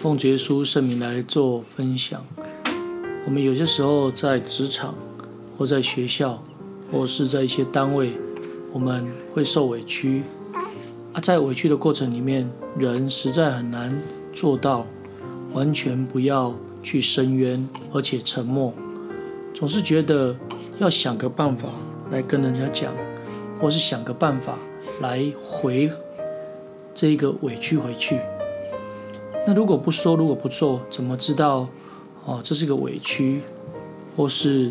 奉耶穌聖名來做分享。我們有些時候在職場，或在學校，或是在一些單位，我們會受委屈。啊，在委屈的過程裡面，人實在很難做到完全不要去伸冤，而且沉默，總是覺得要想個辦法來跟人家講，或是想個辦法來回這個委屈回去。那如果不說，如果不做，怎麼知道，哦、啊，這是個委屈，或是，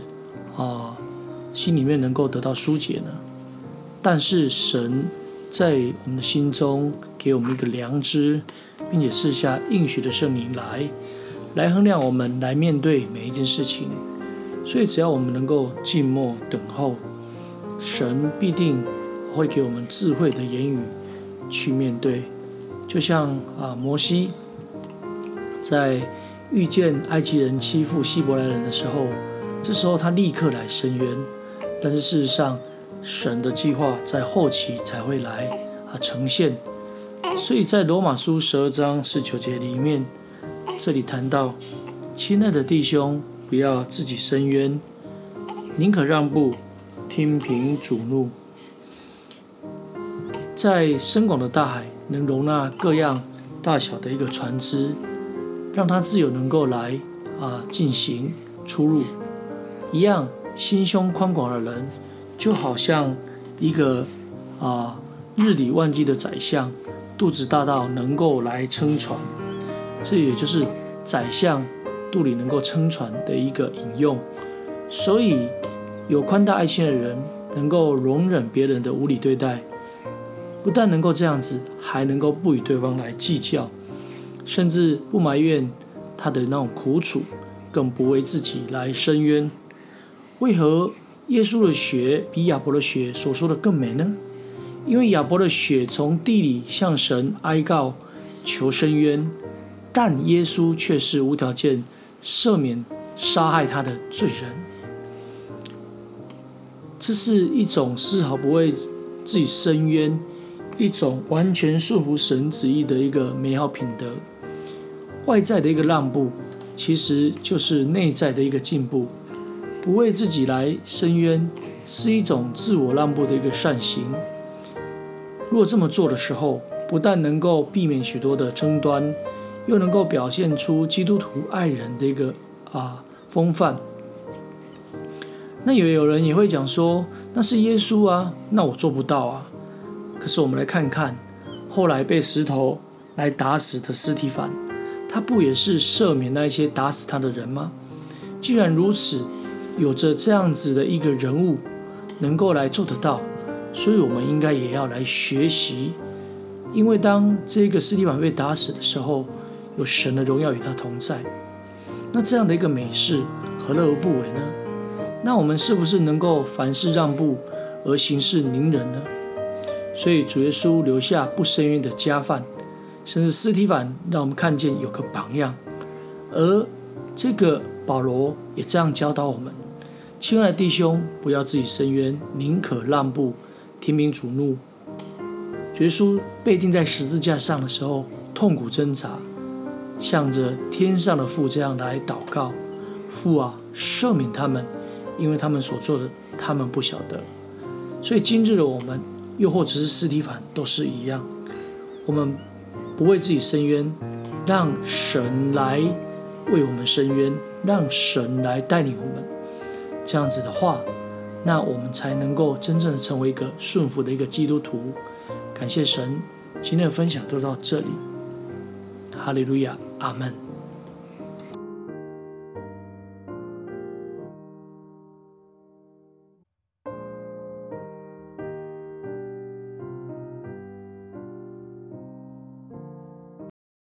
啊，心裡面能夠得到疏解呢？但是神在我們的心中給我們一個良知，並且賜下應許的聖靈來，來衡量我們，來面對每一件事情。所以只要我們能夠靜默等候，神必定會給我們智慧的言語去面對。就像啊，摩西。在遇見埃及人欺負希伯來人的時候，這時候他立刻來伸冤，但是事實上，神的計劃在後期才會來啊呈現。所以在羅馬書十二章十九節裡面，這裡談到：親愛的弟兄，不要自己伸冤，寧可讓步，聽憑主怒。在深廣的大海，能容納各樣大小的一個船隻。讓他自由能夠來啊、呃、進行出入，一樣心胸寬廣的人，就好像一個啊、呃、日理萬機的宰相，肚子大到能夠來撐船，這也就是宰相肚裡能夠撐船的一個引用。所以，有寬大愛心的人能夠容忍別人的無理對待，不但能夠這樣子，還能夠不與對方來計較。甚至不埋怨他的那種苦楚，更不為自己來伸冤。為何耶穌的血比亞伯的血所說的更美呢？因為亞伯的血從地裡向神哀告求伸冤，但耶穌卻是無條件赦免殺害他的罪人。這是一種絲毫不為自己伸冤，一種完全順服神旨意的一個美好品德。外在的一個讓步，其實就是內在的一個進步。不為自己來伸冤，是一種自我讓步的一個善行。若這麼做的時候，不但能夠避免許多的爭端，又能夠表現出基督徒愛人的一個啊風範。那有也有人也會講說：“那是耶穌啊，那我做不到啊。”可是我們來看看，後來被石頭來打死的司提反。他不也是赦免那些打死他的人嗎？既然如此，有着這樣子的一個人物，能夠來做得到，所以我們應該也要來學習。因為當這個司提反被打死的時候，有神的榮耀與他同在，那這樣的一個美事，何樂而不為呢？那我們是不是能夠凡事讓步而息事寧人呢？所以主耶穌留下不伸冤的佳範。甚至司提反讓我們看見有個榜樣，而這個保羅也這樣教導我們：親愛的弟兄，不要自己伸冤，寧可讓步，聽憑主怒。決書被釘在十字架上的時候，痛苦掙扎，向着天上的父這樣來禱告：“父啊，赦免他們，因為他們所做的，他們不曉得。”所以今日的我們，又或者是司提反，都是一樣，我們。不為自己伸冤，讓神來為我們伸冤，讓神來帶領我們。這樣子的話，那我們才能夠真正的成為一個順服的一個基督徒。感謝神，今天的分享就到這裡。哈利路亞，阿門。